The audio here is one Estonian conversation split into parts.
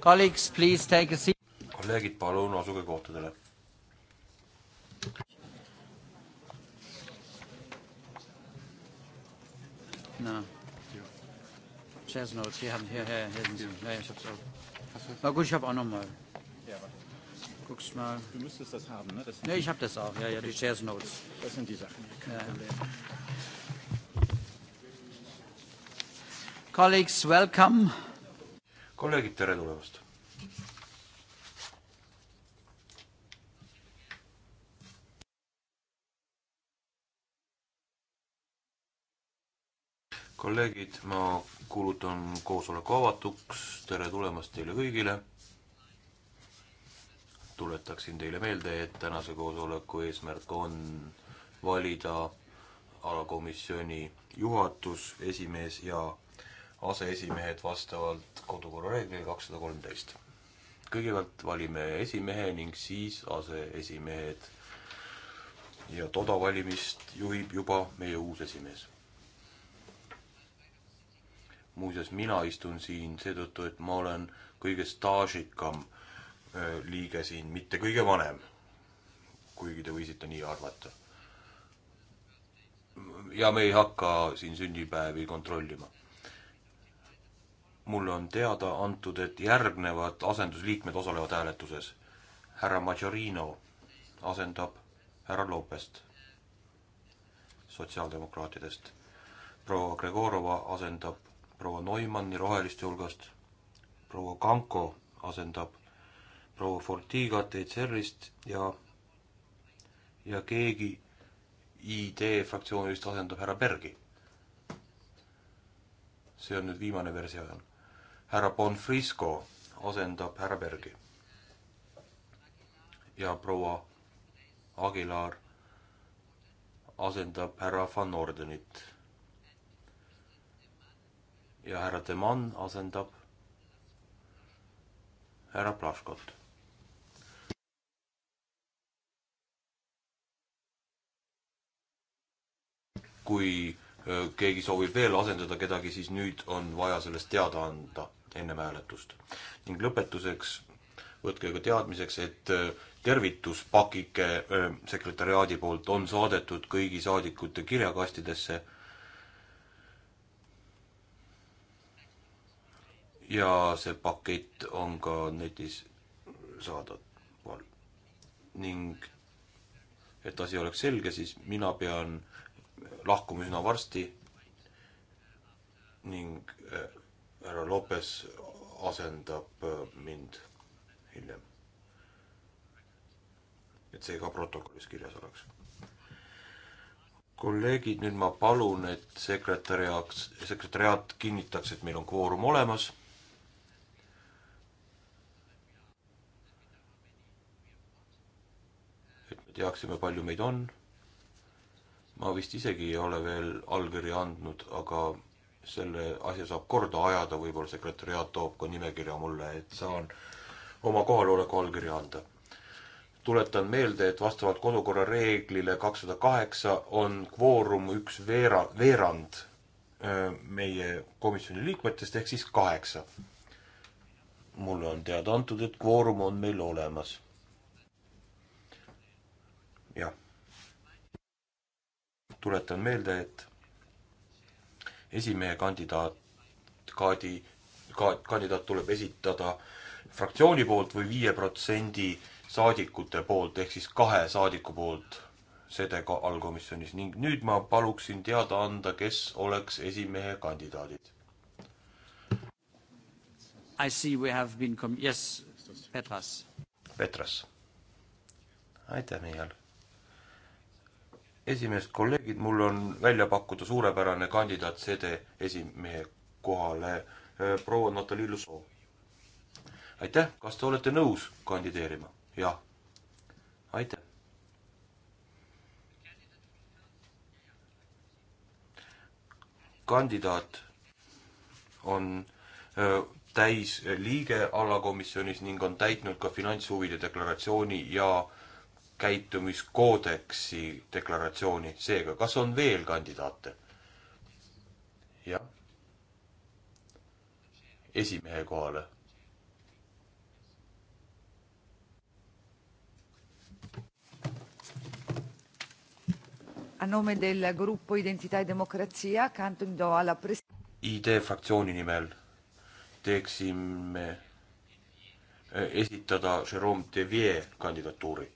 Colleagues, please take a seat. kolleegid, palun asuge kohtadele. No. Chairs notes, Sie haben hier, hier, hier sind Sie. Ja, ja, ich hab's auch. Na gut, ich hab auch nochmal. Ja, Guckst mal. Du müsstest das haben, ne? Das ne, ich hab das auch, ja, ja, die Chairs Notes. Das sind die Sachen, kein ja. Problem. Colleagues, welcome kolleegid, tere tulemast! kolleegid, ma kuulutan koosoleku avatuks, tere tulemast teile kõigile. tuletaksin teile meelde, et tänase koosoleku eesmärk on valida alakomisjoni juhatus, esimees ja aseesimehed vastavalt kodukorra reeglile kakssada kolmteist. kõigepealt valime esimehe ning siis aseesimehed. ja toda valimist juhib juba meie uus esimees. muuseas, mina istun siin seetõttu, et ma olen kõige staažikam äh, liige siin, mitte kõige vanem. kuigi te võisite nii arvata. ja me ei hakka siin sünnipäevi kontrollima mulle on teada antud, et järgnevad asendusliikmed osalevad hääletuses. härra Majorino asendab härra Lopest sotsiaaldemokraatidest. proua Gregorova asendab proua Neumanni roheliste hulgast. proua Kanko asendab proua Fortigat ECR-ist ja, ja keegi ID fraktsioonist asendab härra Bergi. see on nüüd viimane versioon härra Bonfrisco asendab härra Bergi. ja proua Aguilar asendab härra Van Ordenit. ja härra Deman asendab härra Plaškot. kui äh, keegi soovib veel asendada kedagi, siis nüüd on vaja sellest teada anda ennem hääletust. ning lõpetuseks võtke ka teadmiseks, et äh, tervituspakike äh, sekretäriaadi poolt on saadetud kõigi saadikute kirjakastidesse ja see pakett on ka netis saadaval. ning et asi oleks selge, siis mina pean lahkuma üsna varsti ning äh, härra Lopes asendab äh, mind hiljem. et see ka protokollis kirjas oleks. kolleegid, nüüd ma palun, et sekretäriaat, sekretäriaat kinnitaks, et meil on kvoorum olemas. et me teaksime, palju meid on. ma vist isegi ei ole veel allkirja andnud, aga selle asja saab korda ajada, võib-olla sekretäriaat toob ka nimekirja mulle, et saan oma kohaloleku allkirja anda. tuletan meelde, et vastavalt kodukorra reeglile kakssada kaheksa on kvoorum üks veera, veerand meie komisjoni liikmetest, ehk siis kaheksa. mulle on teada antud, et kvoorum on meil olemas. jah. tuletan meelde, et esimehe kandidaat, kaadi, ka-, kandidaat tuleb esitada fraktsiooni poolt või viie protsendi saadikute poolt, ehk siis kahe saadiku poolt sede allkomisjonis ning nüüd ma paluksin teada anda, kes oleks esimehe kandidaadid. I see we have been com-, yes, Petras. Petras. aitäh, Mihhail esimees, kolleegid, mul on välja pakkuda suurepärane kandidaat CD esimehe kohale, äh, proua Natalja Illusoo. aitäh, kas te olete nõus kandideerima? jah. aitäh. kandidaat on öö, äh, täisliige alakomisjonis ning on täitnud ka finantshuvide deklaratsiooni ja käitumiskoodeksi deklaratsiooni, seega kas on veel kandidaate? jah. esimehe kohale. A nome del gruppo Identità e Democrazia Canton do alla pres-. ID fraktsiooni nimel teeksime eh, esitada Jerome Devier kandidatuuri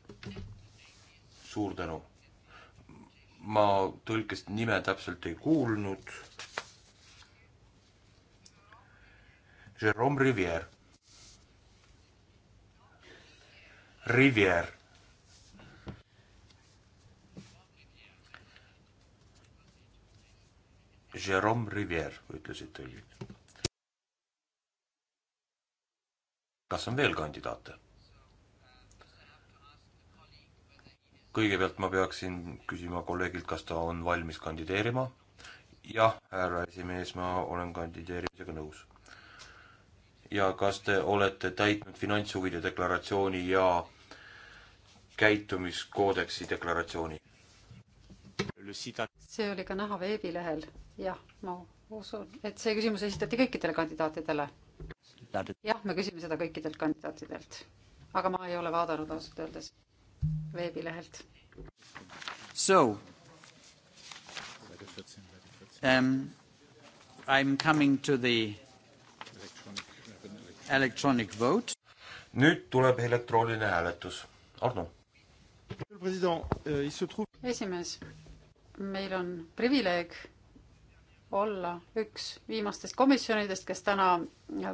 suur tänu. ma tõlkest nime täpselt ei kuulnud. Jerome Rivier. Rivier. Jerome Rivier, ütlesid tõlgid. kas on veel kandidaate? kõigepealt ma peaksin küsima kolleegilt, kas ta on valmis kandideerima. jah, härra esimees, ma olen kandideerimisega nõus. ja kas te olete täitnud finantshuvide deklaratsiooni ja käitumiskoodeksi deklaratsiooni? see oli ka näha veebilehel, jah, ma usun, et see küsimus esitati kõikidele kandidaatidele. jah, me küsime seda kõikidelt kandidaatidelt, aga ma ei ole vaadanud ausalt öeldes veebilehelt. So um, I am coming to the electronic vote. nüüd tuleb elektrooniline hääletus. Arno. Euh, esimees, meil on privileeg olla üks viimastest komisjonidest, kes täna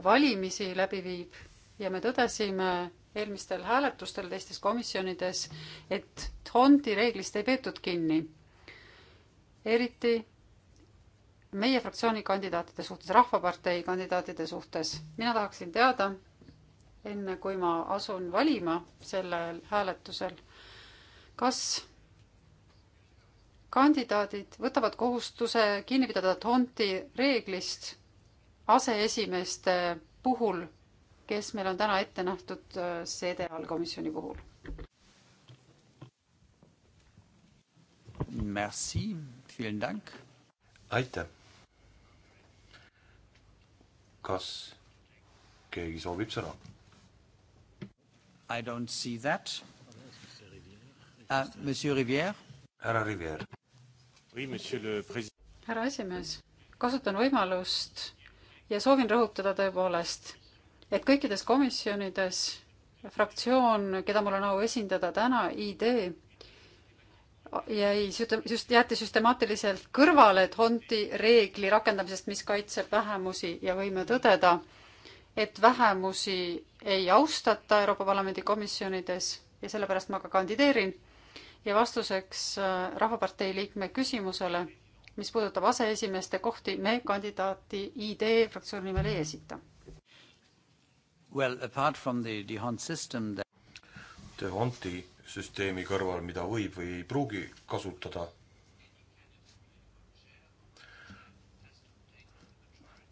valimisi läbi viib ja me tõdesime eelmistel hääletustel teistes komisjonides, et fondi reeglist ei peetud kinni. eriti meie fraktsiooni kandidaatide suhtes, Rahvapartei kandidaatide suhtes. mina tahaksin teada, enne kui ma asun valima sellel hääletusel, kas kandidaadid võtavad kohustuse kinni pidada Tonti reeglist aseesimeeste puhul kes meil on täna ette nähtud CDAL äh, komisjoni puhul. Merci, vielen Dank. aitäh. kas keegi soovib sõna? I don't see that uh,. Monsieur Rivière. härra Rivière. härra esimees, kasutan võimalust ja soovin rõhutada tõepoolest et kõikides komisjonides fraktsioon, keda mul on au esindada täna, idee jäi just, jäeti süstemaatiliselt kõrvale Honti reegli rakendamisest, mis kaitseb vähemusi ja võime tõdeda, et vähemusi ei austata Euroopa Parlamendi komisjonides ja sellepärast ma ka kandideerin. ja vastuseks äh, Rahvapartei liikme küsimusele, mis puudutab aseesimeeste kohti, me kandidaati ID fraktsiooni nimel ei esita Well, apart from the Dhihant system that... Dhihanti süsteemi kõrval, mida võib või ei pruugi kasutada,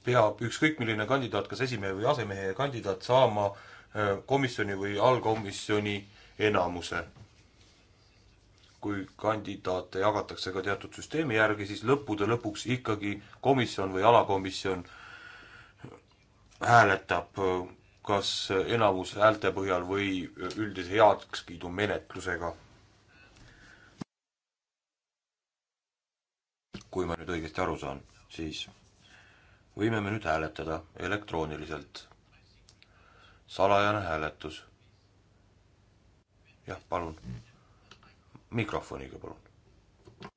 peab ükskõik milline kandidaat, kas esimehe või asemehe kandidaat, saama äh, komisjoni või allkomisjoni enamuse. kui kandidaate jagatakse ka teatud süsteemi järgi, siis lõppude lõpuks ikkagi komisjon või alakomisjon hääletab äh, kas enamus häälte põhjal või üldise heakskiidu menetlusega. kui ma nüüd õigesti aru saan, siis võime me nüüd hääletada elektrooniliselt. salajane hääletus. jah, palun. mikrofoniga, palun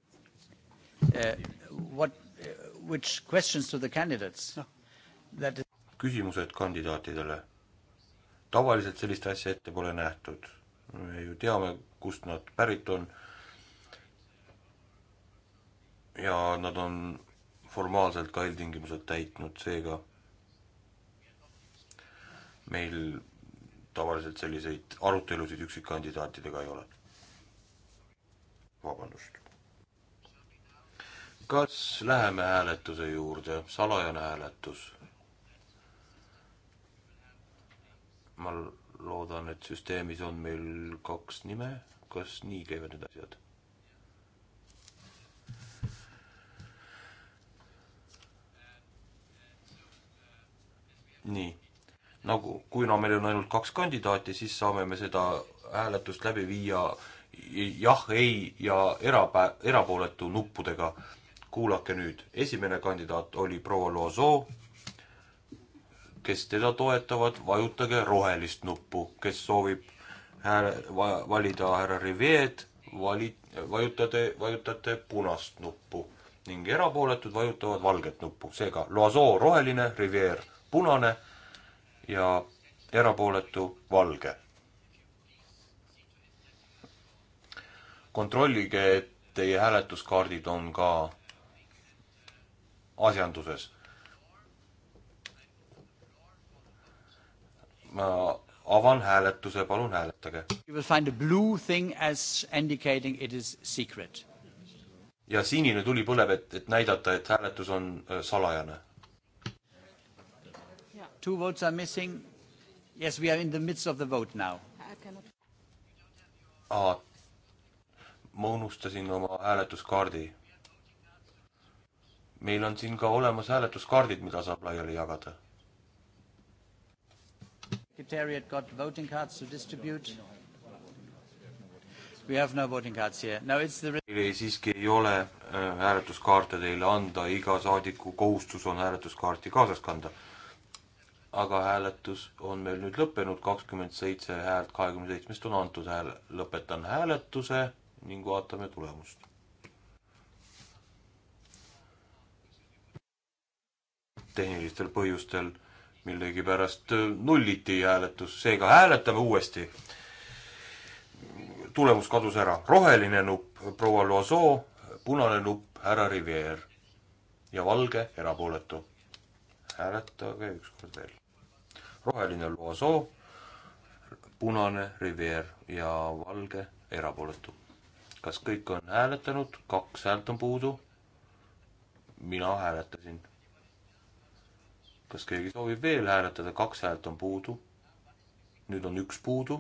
uh,. What, eh, which questions to the candidates no.? That is küsimused kandidaatidele tavaliselt sellist asja ette pole nähtud. me ju teame, kust nad pärit on. ja nad on formaalselt ka eeltingimused täitnud, seega meil tavaliselt selliseid arutelusid üksikkandidaatidega ei ole. vabandust. kas läheme hääletuse juurde, salajane hääletus ma loodan, et süsteemis on meil kaks nime, kas nii käivad need asjad? nii, nagu kuna meil on ainult kaks kandidaati, siis saame me seda hääletust läbi viia jah, ei ja erapä-, erapooletu nuppudega. kuulake nüüd, esimene kandidaat oli proua Loiseau kes teda toetavad, vajutage rohelist nuppu, kes soovib hääle, va-, valida härra Rivied, vali-, vajutate, vajutate punast nuppu ning erapooletud vajutavad valget nuppu, seega Loiseau roheline, Rivier punane ja erapooletu valge. kontrollige, et teie hääletuskaardid on ka asjanduses ma avan hääletuse, palun hääletage. You will find a blue thing as indicating it is secret. ja sinine tuli põleb, et, et näidata, et hääletus on äh, salajane. Two votes are missing. Yes, we are in the midst of the vote now. aa, ma unustasin oma hääletuskaardi. meil on siin ka olemas hääletuskaardid, mida saab laiali jagada Secretariat got voting cards to distribute? We have no voting cards here. No, it's the... Teile siiski ei ole äh, hääletuskaarte teile anda, iga saadiku kohustus on hääletuskaarti kaasas kanda. aga hääletus on meil nüüd lõppenud, kakskümmend seitse häält kahekümne seitsmest on antud hääl, lõpetan hääletuse ning vaatame tulemust. tehnilistel põhjustel millegipärast äh, nulliti hääletus, seega hääletame uuesti. tulemus kadus ära, roheline nupp proua Loiseau, punane nupp härra Rivier ja valge erapooletu. hääletage ükskord veel. roheline Loiseau, punane Rivier ja valge erapooletu. kas kõik on hääletanud, kaks häält on puudu? mina hääletasin kas keegi soovib veel hääletada, kaks häält on puudu. nüüd on üks puudu.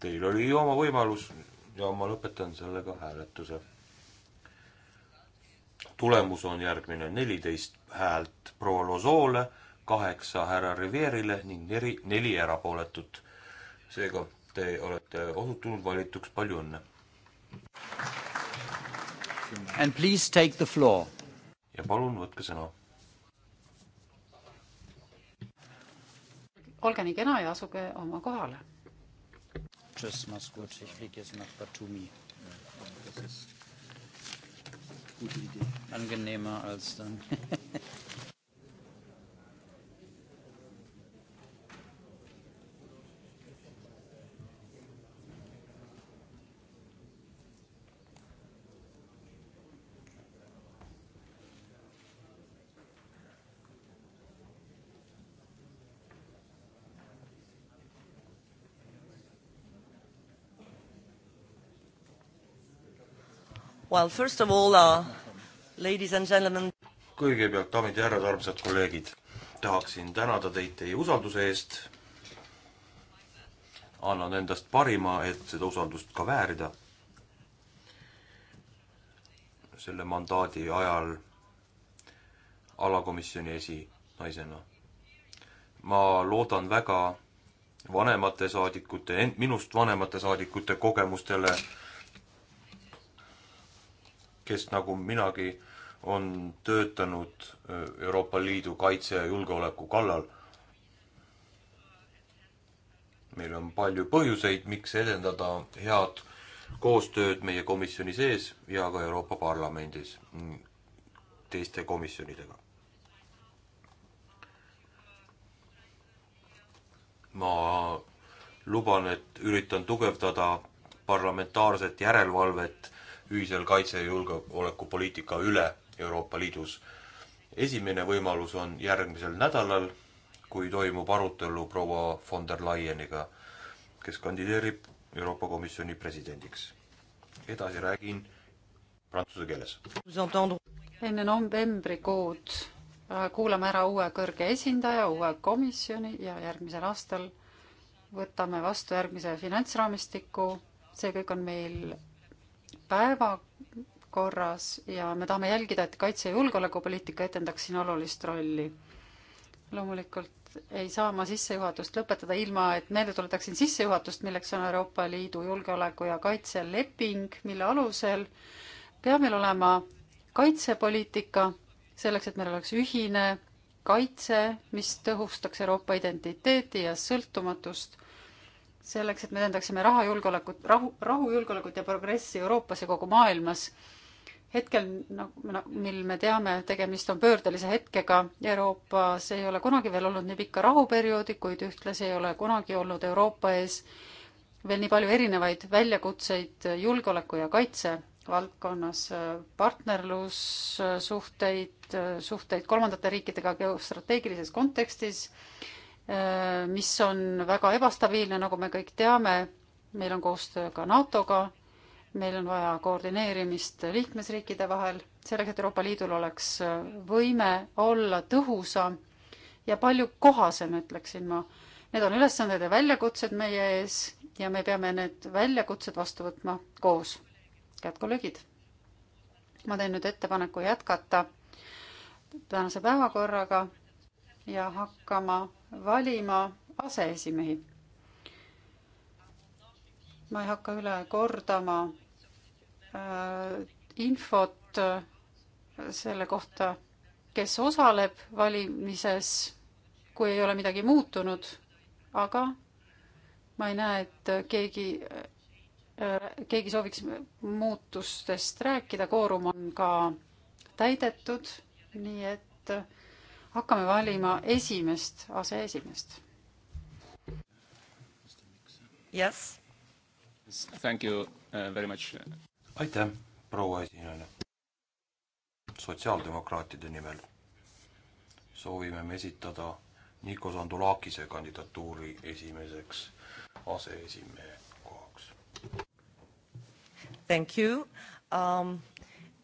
Teil oli oma võimalus ja ma lõpetan sellega hääletuse. tulemus on järgmine, neliteist häält proua Lozoole, kaheksa härra Rivierile ning neri, neli erapooletut. seega te olete osutunud valituks, palju õnne! And please take the floor ja palun võtke sõna. olge nii kena ja asuge oma kohale. Tschüss, mach's gut. Ich fliege jetzt nach Batumi. Das ist gute Idee. Angenehmer als dann. Well, first of all uh,, ladies and gentlemen. kõigepealt, daamid ja härrad, armsad kolleegid, tahaksin tänada teid teie usalduse eest. annan endast parima, et seda usaldust ka väärida. selle mandaadi ajal alakomisjoni esinaisena. ma loodan väga vanemate saadikute, minust vanemate saadikute kogemustele kes nagu minagi on töötanud äh, Euroopa Liidu kaitse ja julgeoleku kallal. meil on palju põhjuseid, miks edendada head koostööd meie komisjoni sees ja ka Euroopa Parlamendis mm, teiste komisjonidega. ma luban, et üritan tugevdada parlamentaarset järelevalvet ühisel kaitse- ja julgeolekupoliitika üle Euroopa Liidus. esimene võimalus on järgmisel nädalal, kui toimub arutelu proua von der Leyeniga, kes kandideerib Euroopa Komisjoni presidendiks. edasi räägin prantsuse keeles. enne novembrikuud äh, kuulame ära uue kõrge esindaja, uue komisjoni ja järgmisel aastal võtame vastu järgmise finantsraamistiku, see kõik on meil päevakorras ja me tahame jälgida, et kaitse- ja julgeolekupoliitika etendaks siin olulist rolli. loomulikult ei saa ma sissejuhatust lõpetada ilma, et meelde tuletaksin sissejuhatust, milleks on Euroopa Liidu julgeoleku ja kaitseleping, mille alusel peab meil olema kaitsepoliitika selleks, et meil oleks ühine kaitse, mis tõhustaks Euroopa identiteeti ja sõltumatust selleks, et me edendaksime rahajulgeolekut, rahu, rahujulgeolekut ja progressi Euroopas ja kogu maailmas. hetkel, nagu, mil me teame, tegemist on pöördelise hetkega, Euroopas ei ole kunagi veel olnud nii pikka rahuperioodi, kuid ühtlasi ei ole kunagi olnud Euroopa ees veel nii palju erinevaid väljakutseid julgeoleku ja kaitse valdkonnas, partnerlussuhteid, suhteid kolmandate riikidega geostrateegilises kontekstis Äh, mis on väga ebastabiilne, nagu me kõik teame. meil on koostöö ka NATO-ga, meil on vaja koordineerimist liikmesriikide vahel, selleks, et Euroopa Liidul oleks äh, võime olla tõhusam ja palju kohasem, ütleksin ma. Need on ülesanded ja väljakutsed meie ees ja me peame need väljakutsed vastu võtma koos. head kolleegid, ma teen nüüd ettepaneku jätkata tänase päevakorraga ja hakkama valima aseesimehi. ma ei hakka üle kordama äh, infot äh, selle kohta, kes osaleb valimises, kui ei ole midagi muutunud, aga ma ei näe, et keegi äh,, keegi sooviks muutustest rääkida, koorum on ka täidetud, nii et äh, hakkame valima esimest aseesimeest. Yes. Thank you uh, very much. aitäh, proua esinejale. sotsiaaldemokraatide nimel soovime me esitada Nikos Andulakise kandidatuuri esimeseks aseesimehe kohaks. Thank you um,.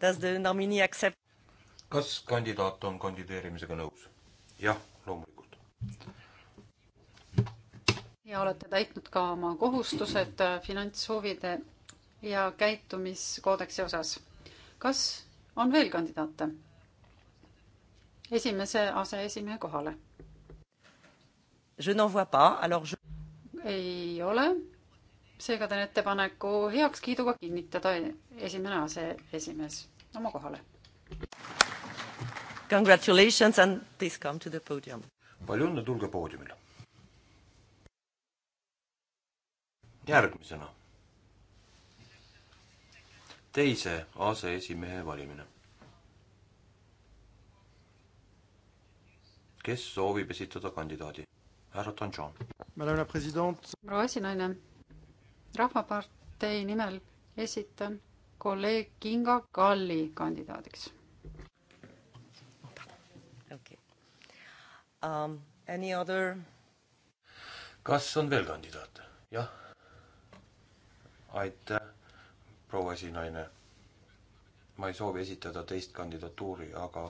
Does the nominee accept? kas kandidaat on kandideerimisega nõus? jah, loomulikult. ja olete täitnud ka oma kohustused äh, finantshuvide ja käitumiskoodeksi osas. kas on veel kandidaate? esimese aseesimehe kohale. Je... ei ole, seega teen ettepaneku heakskiiduga kinnitada e-, esimene aseesimees oma kohale Congratulations and please come to the podium. palju õnne, tulge poodiumile. järgmisena teise aseesimehe valimine. kes soovib esitada kandidaadi? härra Donjon. proua esinaine, Rahvapartei nimel esitan kolleeg Kinga Kalli kandidaadiks okei okay. um,. Any other? kas on veel kandidaate? jah. aitäh, proua esinaine. ma ei soovi esitada teist kandidatuuri, aga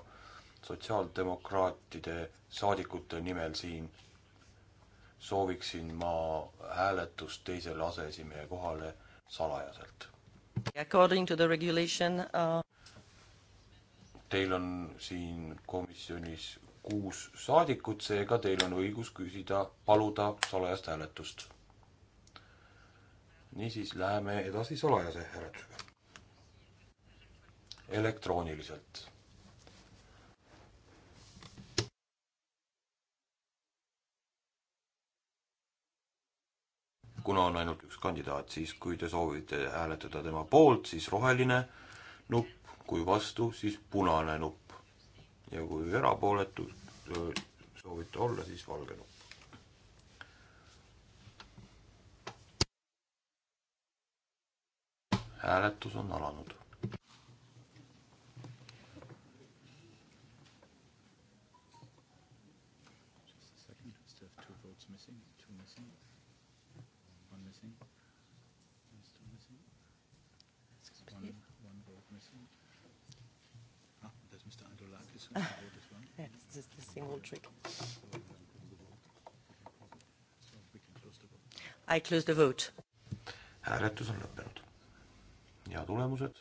sotsiaaldemokraatide saadikute nimel siin sooviksin ma hääletust teisele aseesimehe kohale salajaselt. According to the regulation uh.... Teil on siin komisjonis kuus saadikut, seega teil on õigus küsida, paluda salajast hääletust. niisiis läheme edasi salajase hääletusega. elektrooniliselt kuna on ainult üks kandidaat, siis kui te soovite hääletada tema poolt, siis roheline nupp, kui vastu, siis punane nupp. ja kui erapooletud soovite olla, siis valge nupp. hääletus on alanud. One, one vote missing. Ah. That's just a single trick. I close the vote. hääletus on lõppenud ja tulemused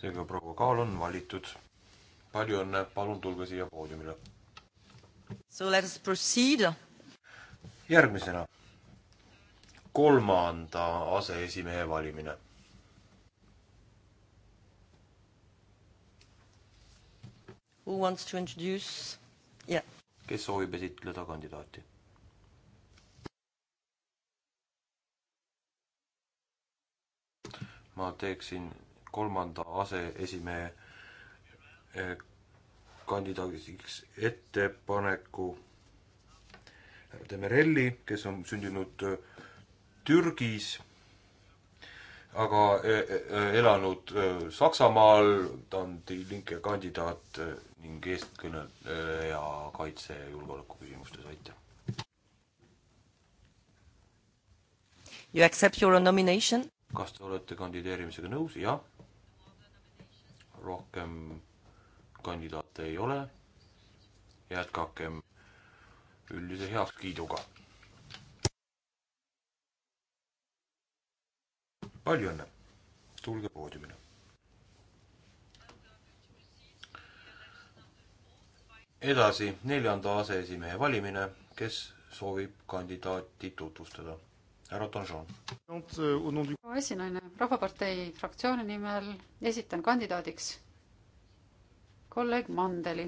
seega proua Kaal on valitud. palju õnne, palun tulge siia poodiumile. So let us proceed. järgmisena kolmanda aseesimehe valimine Who wants to introduce? Yeah. kes soovib esitleda kandidaati? ma teeksin kolmanda aseesimehe eh, kandidaadiks ettepaneku Demerelli, kes on sündinud eh, Türgis, aga eh, elanud Saksamaal, ta on Die Linke kandidaat ning eestkõneleja kaitse- ja julgeolekuküsimustes, aitäh! You accept your nomination? kas te olete kandideerimisega nõus? jah rohkem kandidaate ei ole. jätkakem üldise heakskiiduga. palju õnne, tulge poodiumile. edasi neljanda aseesimehe valimine, kes soovib kandidaati tutvustada härra Donjon. Äh, proua esinaine, Rahvapartei fraktsiooni nimel esitan kandidaadiks kolleeg Mandeli.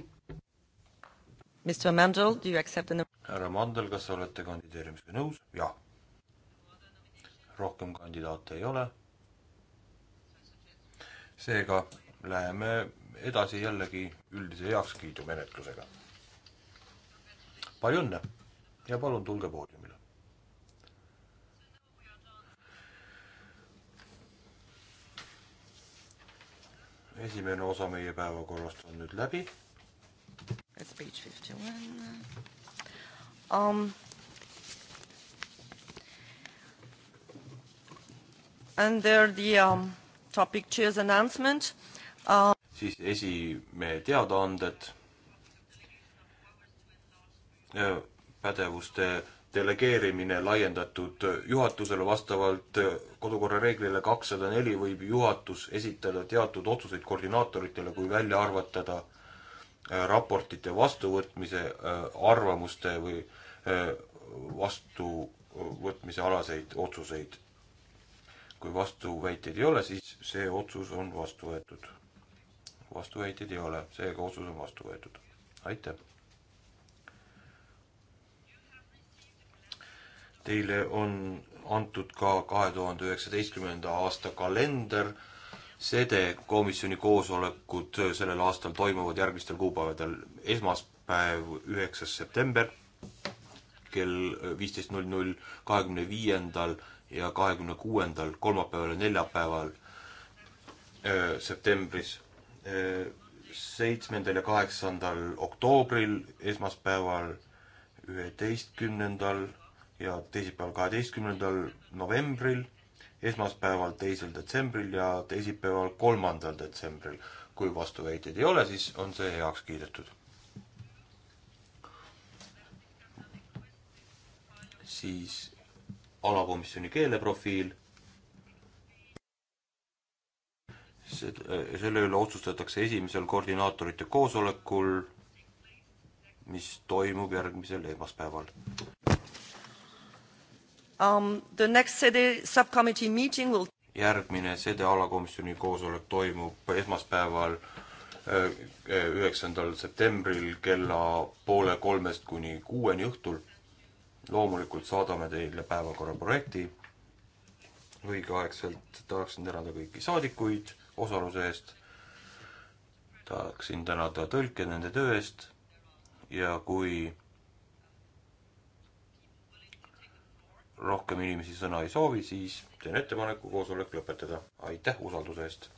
Mr Mandel, do you accept the härra Mandel, kas olete kandideerimisega nõus? jah. rohkem kandidaate ei ole. seega läheme edasi jällegi üldise heakskiidu menetlusega. palju õnne ja palun tulge poodiumi. esimene osa meie päevakorrast on nüüd läbi. That's page fifty one um,. Under the um, topic chairs announcement uh.... siis esimehe teadaanded. Äh, pädevuste delegeerimine laiendatud juhatusele vastavalt kodukorra reeglile kakssada neli võib juhatus esitada teatud otsuseid koordinaatoritele, kui välja arvatada äh, raportite vastuvõtmise, äh, arvamuste või äh, vastuvõtmise alaseid otsuseid. kui vastuväiteid ei ole, siis see otsus on vastu võetud. vastuväiteid ei ole, seega otsus on vastu võetud. aitäh! Teile on antud ka kahe tuhande üheksateistkümnenda aasta kalender, sede komisjoni koosolekud sellel aastal toimuvad järgmistel kuupäevadel, esmaspäev, üheksas september kell viisteist null null, kahekümne viiendal ja kahekümne kuuendal, kolmapäeval ja neljapäeval äh, septembris, äh, seitsmendal ja kaheksandal oktoobril, esmaspäeval, üheteistkümnendal ja teisipäeval, kaheteistkümnendal novembril, esmaspäeval, teisel detsembril ja teisipäeval, kolmandal detsembril. kui vastuväiteid ei ole, siis on see heaks kiidetud. siis alakomisjoni keeleprofiil eh, selle üle otsustatakse esimesel koordinaatorite koosolekul, mis toimub järgmisel esmaspäeval. Um, the next CD subcommittee meeting will järgmine sede alakomisjoni koosolek toimub esmaspäeval, äh, äh, üheksandal septembril kella poole kolmest kuni kuueni õhtul. loomulikult saadame teile päevakorra projekti. õigeaegselt tahaksin tänada kõiki saadikuid osaluse eest. tahaksin tänada tõlke nende töö eest ja kui rohkem inimesi sõna ei soovi, siis teen ettepaneku koosolek lõpetada. aitäh usalduse eest!